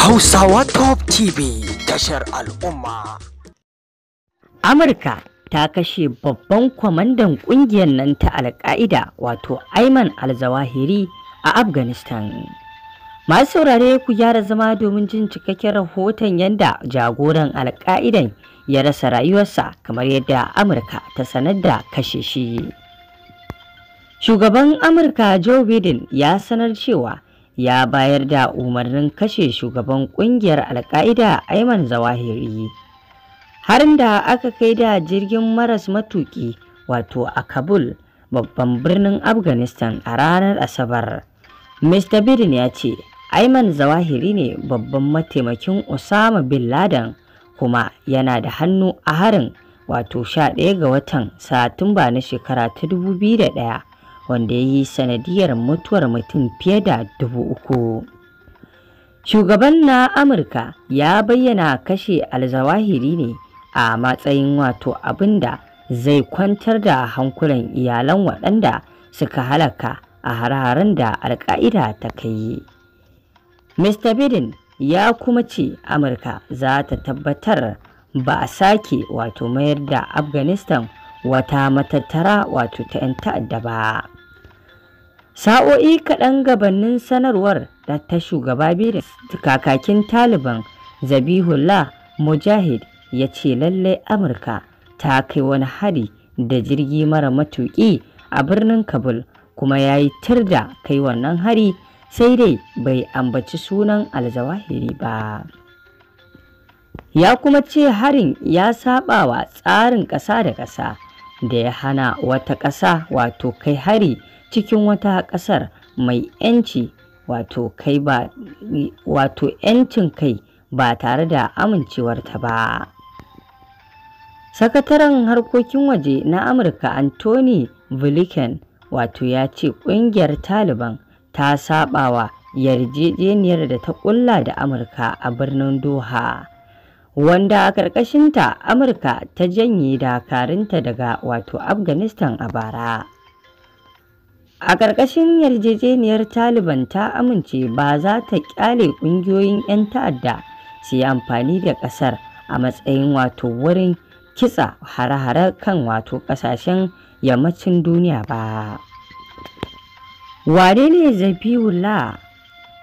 Hausawa Top TV tashar al'umma. Amurka ta kashe babban kwamandan kungiyar nan ta Alƙa'ida wato Ayman al-Zawahiri a Afghanistan. Masu saurare ku gyara zama domin jin cikakken rahoton yadda jagoran Alƙa'idan ya rasa rayuwarsa kamar yadda Amurka ta sanar da kashe shi. Shugaban Amurka Joe Biden ya sanar cewa ya bayar da umarnin kashe shugaban kungiyar alka'ida Ayman Zawahiri. Harin da aka kai da jirgin maras matuki wato a Kabul babban birnin Afghanistan a ranar Asabar. Mr. Biden ya ce, Ayman Zawahiri ne babban mataimakin Osama Bin Laden kuma yana da hannu a harin wato 11 ga watan Satumba na shekara ta 2001 wanda ya yi sanadiyar mutuwar mutum fiye da dubu uku. Shugaban na Amurka ya bayyana kashe alzawahiri ne a matsayin wato abin da zai kwantar da hankulan iyalan waɗanda suka halaka a hararen da alka'ida ta kai. Mr. Biden ya kuma ce Amurka za ta tabbatar ba a sake wato mayar da Afghanistan wata matattara wato ta 'yan ta'adda ba. Sa'o'i kaɗan gabanin sanarwar da ta shugaba Biden, kakakin Taliban Zabihullah Mujahid ya ce lallai Amurka ta kai wani hari da jirgi mara matuƙi a birnin Kabul kuma ya yi tir da kai wannan hari sai dai bai ambaci sunan alzawahiri ba. Ya kuma ce harin ya saba wa tsarin ƙasa da ƙasa da ya hana wata ƙasa wato kai hari cikin wata ƙasar mai 'yanci wato ‘yancin kai ba tare da amincewarta ba. Sakataren harkokin waje na Amurka Anthony Blinken wato ya ce ƙungiyar Taliban ta sabawa yarjejeniyar da ta ƙulla da Amurka a birnin Doha. Wanda a ƙarƙashinta Amurka ta janye dakarunta daga wato Afghanistan a bara. a ƙarƙashin yarjejeniyar taliban ta amince ba za ta ƙyale ƙungiyoyin 'yan ta'adda su yi amfani da ƙasar a matsayin wato wurin kitsa hare-hare kan wato ƙasashen yammacin duniya ba wane ne zabiullah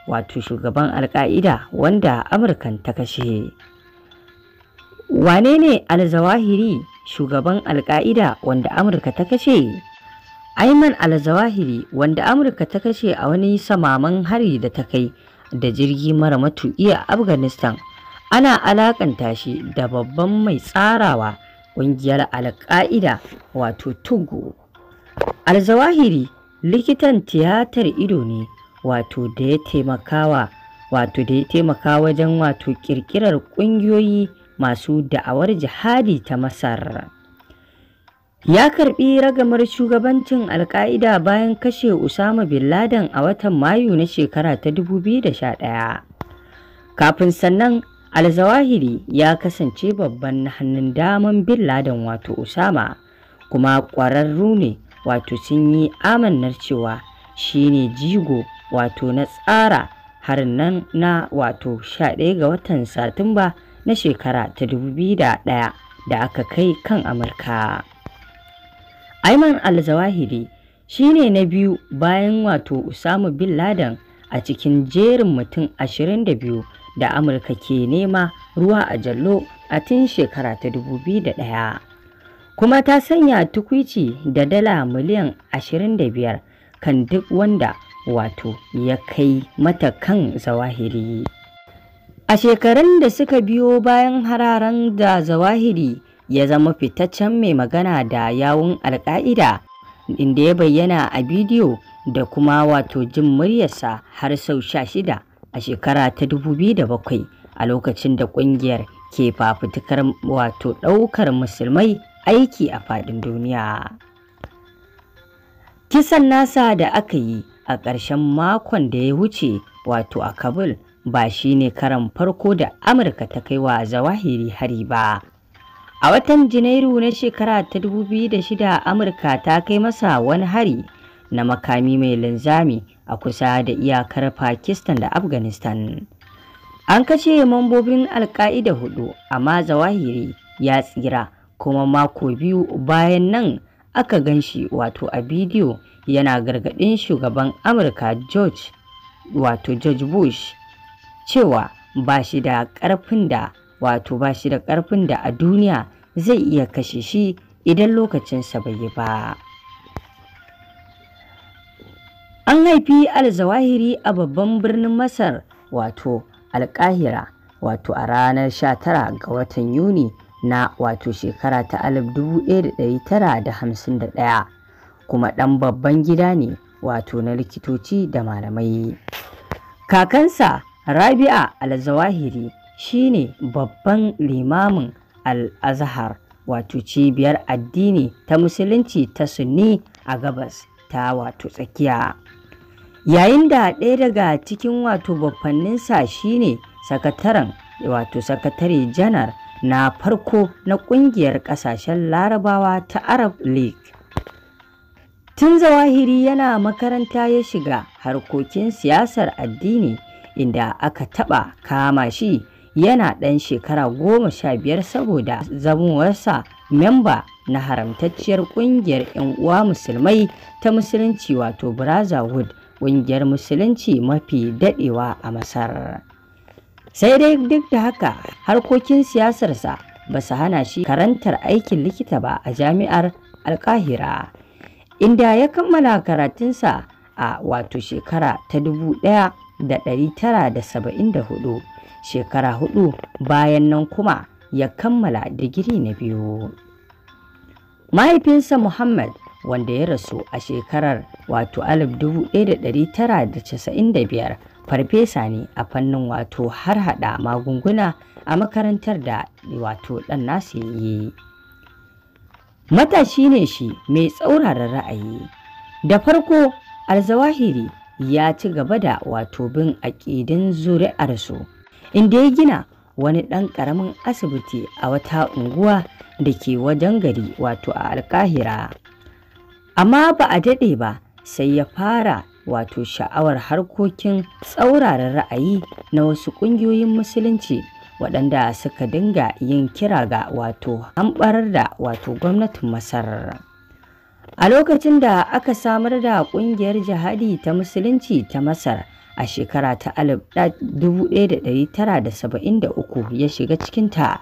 wato shugaban alka'ida wanda amurkan ta kashe wane ne alzawahiri shugaban alka'ida wanda amurka ta kashe Ayman al-Zawahiri wanda Amurka ta kashe a wani samaman hari da ta kai da jirgi mara matuƙi a Afghanistan. Ana alakanta shi da babban mai tsarawa ƙungiyar Al-Qaida wato Tugu. Al-Zawahiri likitan tiyatar ido ne wato da ya taimakawa wato da ya taimaka wajen wato ƙirƙirar ƙungiyoyi masu da'awar jihadi ta Masar. ya karbi ragamar shugabancin alka'ida bayan kashe Usama bin Laden a watan Mayu na shekara ta 2011. Kafin sannan Al-Zawahiri ya kasance babban hannun daman bin Laden wato Usama kuma ƙwararru ne wato sun yi amannar cewa shi ne jigo wato na tsara harin nan na wato 11 ga watan Satumba na shekara ta 2001 da aka kai kan Amurka. Ayman al-Zawahiri shi ne na biyu bayan wato Usamu bin Laden a cikin jerin mutum 22 da Amurka ke nema ruwa a jallo a tun shekara ta 2001. Kuma ta sanya tukwici da dala miliyan 25 kan duk wanda wato ya kai mata kan zawahiri. A shekarun da suka biyo bayan hararan da zawahiri ya zama fitaccen mai magana da yawun alka'ida inda ya bayyana a bidiyo da kuma wato jin muryarsa har sau sha shida a shekara ta 2007 a lokacin da kungiyar ke fafutukar wato ɗaukar musulmai aiki a faɗin duniya. Kisan nasa da aka yi a ƙarshen makon da ya wuce wato a Kabul ba shine karan farko da Amurka ta kai wa zawahiri hari ba. A watan Janairu na shekara ta 2006 Amurka ta kai masa wani hari na makami mai linzami a kusa da iyakar Pakistan da Afghanistan. An kashe mambobin Alka'ida hudu amma zawahiri ya tsira kuma mako biyu bayan nan aka gan shi wato a bidiyo yana gargadin shugaban Amurka George wato George Bush cewa ba shi da karfin da wato ba shi da ƙarfin da a duniya zai iya kashe shi idan lokacinsa bai yi ba. An haifi alzawahiri a babban birnin Masar wato alƙahira wato a ranar 19 ga watan Yuni na wato shekara ta 1951 kuma ɗan babban gida ne wato na likitoci da malamai. Kakansa Rabi'a alzawahiri shine babban limamin Al-Azhar wato cibiyar addini ta musulunci ta Sunni a gabas ta wato tsakiya. Yayin da ɗaya daga cikin wato babbanninsa shine sakataren wato sakatare janar na farko na ƙungiyar ƙasashen larabawa ta Arab League. Tun zawahiri yana makaranta ya shiga harkokin siyasar addini inda aka taɓa kama shi yana ɗan shekara goma sha biyar saboda zamuwarsa memba na haramtacciyar ƙungiyar 'yan uwa musulmai ta musulunci wato brotherhood ƙungiyar musulunci mafi daɗewa a masar sai dai duk da haka harkokin siyasarsa ba su hana shi karantar aikin likita ba a jami'ar alkahira inda ya kammala karatunsa a wato shekara ta dubu ɗaya. da 1974 shekara hudu bayan nan kuma ya kammala digiri na biyu mahaifinsa muhammad wanda ya rasu a shekarar wato 1995 farfesa ne a fannin wato har hada magunguna a makarantar da wato dan nasu yi matashi ne shi mai tsauraran ra'ayi da farko alzawahiri ya ci gaba da wato bin aƙidin zuri'arsu inda ya gina wani ɗan ƙaramin asibiti a wata unguwa da ke wajen gari wato a alkahira amma ba a daɗe ba sai ya fara wato sha'awar harkokin tsauraran ra'ayi na wasu ƙungiyoyin musulunci waɗanda suka dinga yin kira ga wato hamɓarar da wato gwamnatin masar A lokacin da aka samar da ƙungiyar jihadi ta Musulunci ta Masar a shekara ta 1973 ya shiga cikinta.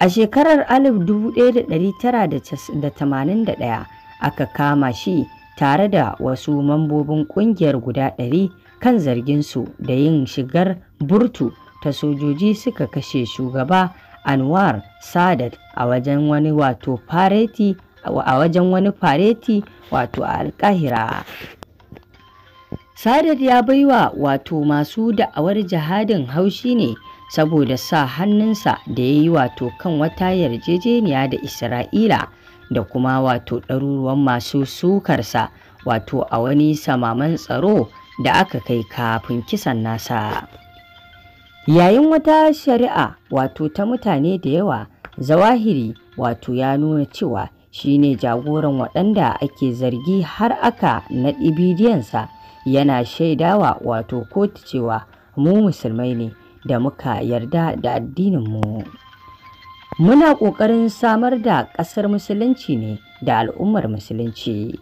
A shekarar 1981 aka kama shi tare da wasu mambobin ƙungiyar guda ɗari kan zarginsu da yin shigar burtu ta sojoji suka kashe shugaba Anwar Sadat a wajen wani wato fareti a wajen wani fareti wato a alkahira sadat ya baiwa wato masu da'awar jihadin haushi ne saboda sa hannunsa da ya yi wato kan wata yarjejeniya da isra'ila da kuma wato ɗaruruwan masu sukarsa wato a wani samaman tsaro da aka kai kafin kisan nasa yayin wata shari'a wato ta mutane da yawa zawahiri wato ya nuna cewa shine jagoran waɗanda ake zargi har aka naɗi bidiyonsa yana shaidawa wato kotu cewa mu musulmai ne da muka yarda da addininmu muna ƙoƙarin samar da ƙasar musulunci ne da al'ummar musulunci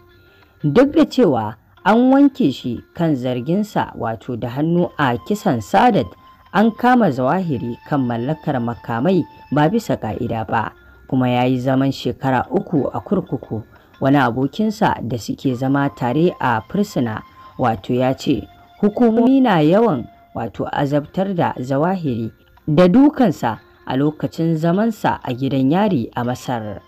duk da cewa an wanke shi kan zarginsa wato da hannu a kisan sadat an kama zawahiri kan mallakar makamai ba bisa ka'ida ba kuma ya yi zaman shekara uku a kurkuku wani abokinsa da suke zama tare a fursuna wato ya ce hukumomi na yawan wato azabtar da zawahiri da dukansa a lokacin zamansa a gidan yari a masar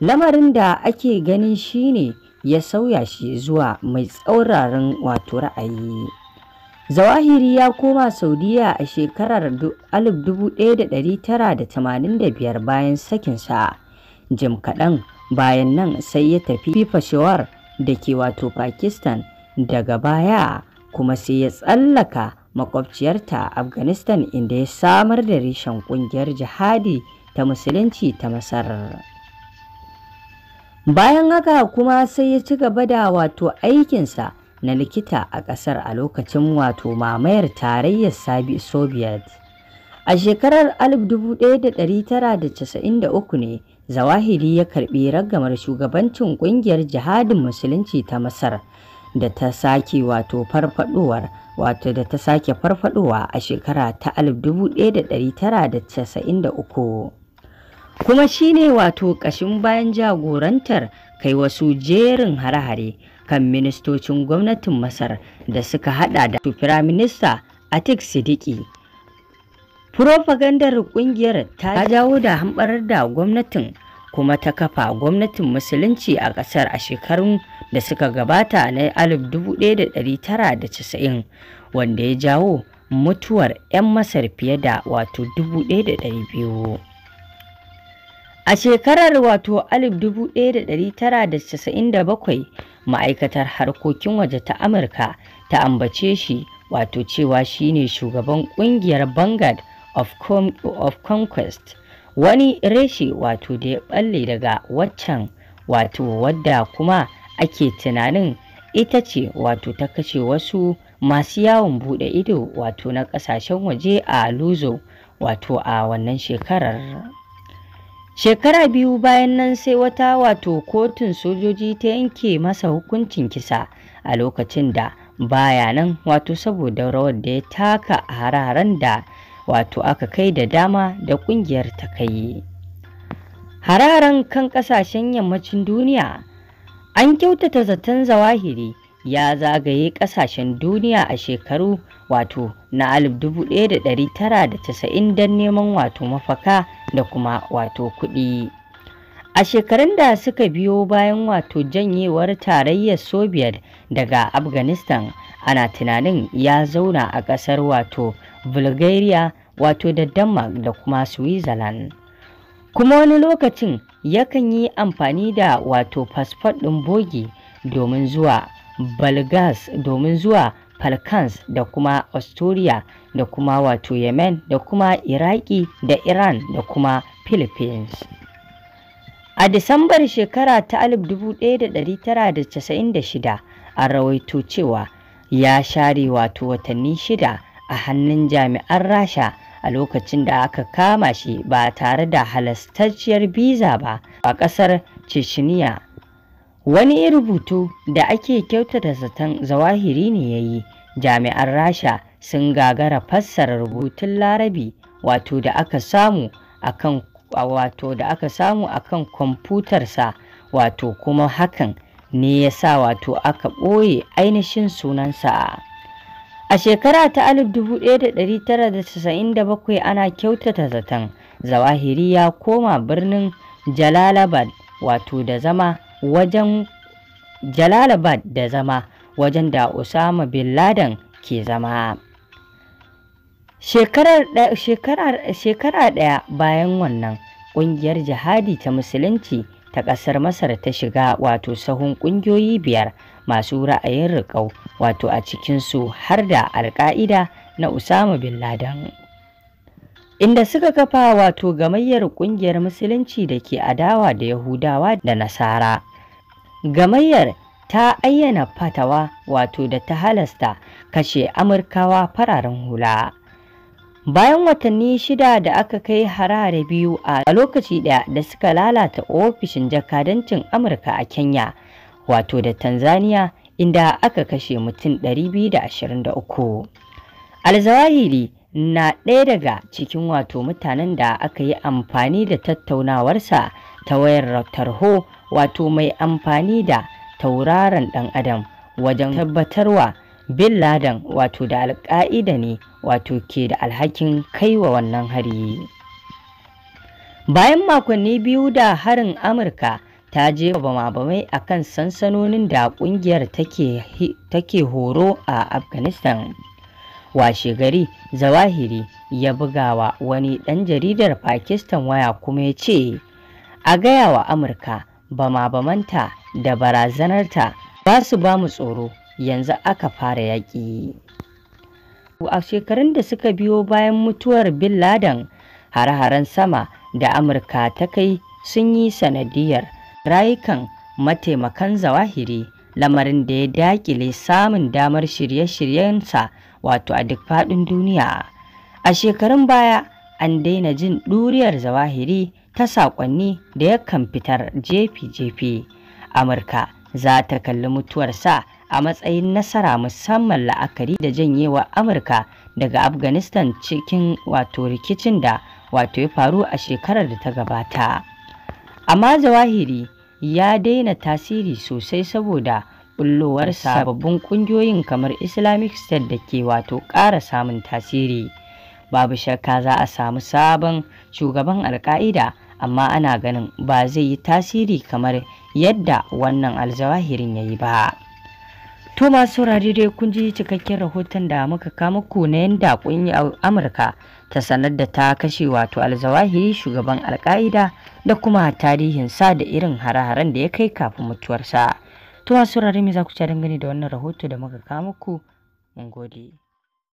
lamarin da ake ganin shine ya sauya shi zuwa mai tsauraran wato ra'ayi Zawahiri ya koma Saudiya a shekarar 1985 bayan sakinsa. Jim kaɗan bayan nan sai ya tafi fashewar da ke wato Pakistan daga baya kuma sai ya tsallaka makwabciyarta Afghanistan inda ya samar da reshen ƙungiyar jihadi ta musulunci ta Masar. Bayan haka kuma sai ya ci gaba da wato aikinsa na likita a ƙasar a lokacin wato mamayar tarayyar Soviet. A shekarar 1993 ne Zawahiri ya karɓi ragamar shugabancin ƙungiyar jihadin musulunci ta Masar da ta sake wato farfadowar wato da ta sake farfadowa a shekara ta 1993. kuma shine wato ƙashin bayan jagorantar kai wasu jerin hare-hare kan ministocin gwamnatin Masar da suka hada da Firaminista Atik Sidiki. Furofagandar kungiyar ta jawo da hambarar da gwamnatin kuma ta kafa gwamnatin musulunci a ƙasar a shekarun da suka gabata na 1990 wanda ya jawo mutuwar 'yan masar fiye da wato 1200 A shekarar wato 1997 ma'aikatar harkokin waje ta Amurka ta ambace shi wato cewa shine shugaban kungiyar Vanguard of, Con of Conquest wani reshe wato da ya balle daga waccan wato wadda kuma ake tunanin ita ce wato ta kashe wasu masu yawon bude ido wato na kasashen waje a Luzo wato a wannan shekarar. shekara biyu bayan nan sai wata wato kotun sojoji ta yanke masa hukuncin kisa a lokacin da baya nan wato saboda rawar da ya taka a hararen da wato aka kai da dama da kungiyar ta kai hararen kan kasashen yammacin duniya an kyautata zaton zawahiri ya zagaye kasashen duniya a shekaru wato na 1990 don neman wato mafaka da kuma wato kuɗi. A shekarun da suka biyo bayan wato janyewar tarayyar Soviet daga Afghanistan ana tunanin ya zauna a ƙasar wato Bulgaria wato da Denmark da kuma Switzerland. Kuma wani lokacin yakan yi amfani da wato fasfot ɗin bogi domin zuwa balgas domin zuwa falcons da kuma Australia da kuma wato yemen da kuma iraki da iran da kuma philippines a disambar shekara ta 1996 an rawaito cewa ya share wato watanni shida a hannun jami'an rasha a lokacin da aka kama shi ba tare da halastacciyar biza ba a ƙasar chechnya wani rubutu da ake kyautata zaton zawahiri ne ya yi jami'an rasha sun gagara fassara rubutun larabi wato da aka samu akan wato da aka samu akan kwamfutarsa wato kuma hakan ne ya sa wato aka ɓoye ainihin sunansa a shekara ta 1997 ana kyautata zaton zawahiri ya koma birnin jalalabad wato da zama wajen jalalabad da zama wajen da osama bin laden ke zama shekara ɗaya bayan wannan ƙungiyar jihadi ta musulunci ta ƙasar masar ta shiga wato sahun ƙungiyoyi biyar masu ra'ayin riƙau wato a cikinsu har da alƙa'ida na usama bin laden inda suka kafa wato gamayyar ƙungiyar musulunci da ke adawa da yahudawa da nasara Gamayyar ta ayyana fatawa wato da ta halasta kashe Amurkawa fararen hula. Bayan watanni shida da aka kai harare biyu a lokaci ɗaya da suka lalata ofishin jakadancin Amurka a Kenya, wato da Tanzania inda aka kashe mutum 223. alzawahili na ɗaya daga cikin wato mutanen da aka yi amfani da tattaunawarsa ta wayar tarho wato mai amfani da tauraron ɗan adam wajen tabbatarwa bin laden wato da alka'ida ne wato ke da alhakin kaiwa wannan hari bayan makonni biyu da harin amurka ta je bama-bamai a kan sansanonin da kungiyar take horo a afghanistan washe gari zawahiri ya bugawa wani ɗan jaridar pakistan waya kuma ya ce a gaya wa amurka bama-bamanta da barazanarta ba su ba mu tsoro yanzu aka fara yaƙi. A shekarun da suka biyo bayan mutuwar Bin Laden, hare-haren sama da Amurka ta kai sun yi sanadiyar rayukan mataimakan zawahiri lamarin da ya dakile samun damar shirye-shiryensa wato a duk faɗin duniya. A shekarun baya an daina jin ɗuriyar zawahiri ta saƙonni da yakan fitar jefi-jefi. Amurka za ta kalli mutuwarsa a matsayin nasara musamman la'akari da janyewa Amurka daga Afghanistan cikin wato rikicin da wato ya faru a shekarar da ta gabata. Amma Zawahiri ya daina tasiri sosai saboda bullowar sababbin ƙungiyoyin kamar Islamic State da ke wato ƙara samun tasiri. babu shakka za a samu sabon shugaban alka'ida amma ana ganin ba zai yi tasiri kamar yadda wannan alzawahirin ya yi ba to masu saurari dai kun ji cikakken rahoton da muka kama ku na yadda a amurka ta sanar da ta kashe wato alzawahiri shugaban alka'ida da kuma tarihin sa da irin hare-haren da ya kai kafin mutuwarsa to masu saurari me za ku ci dangane da wannan rahoto da muka kama ku mun gode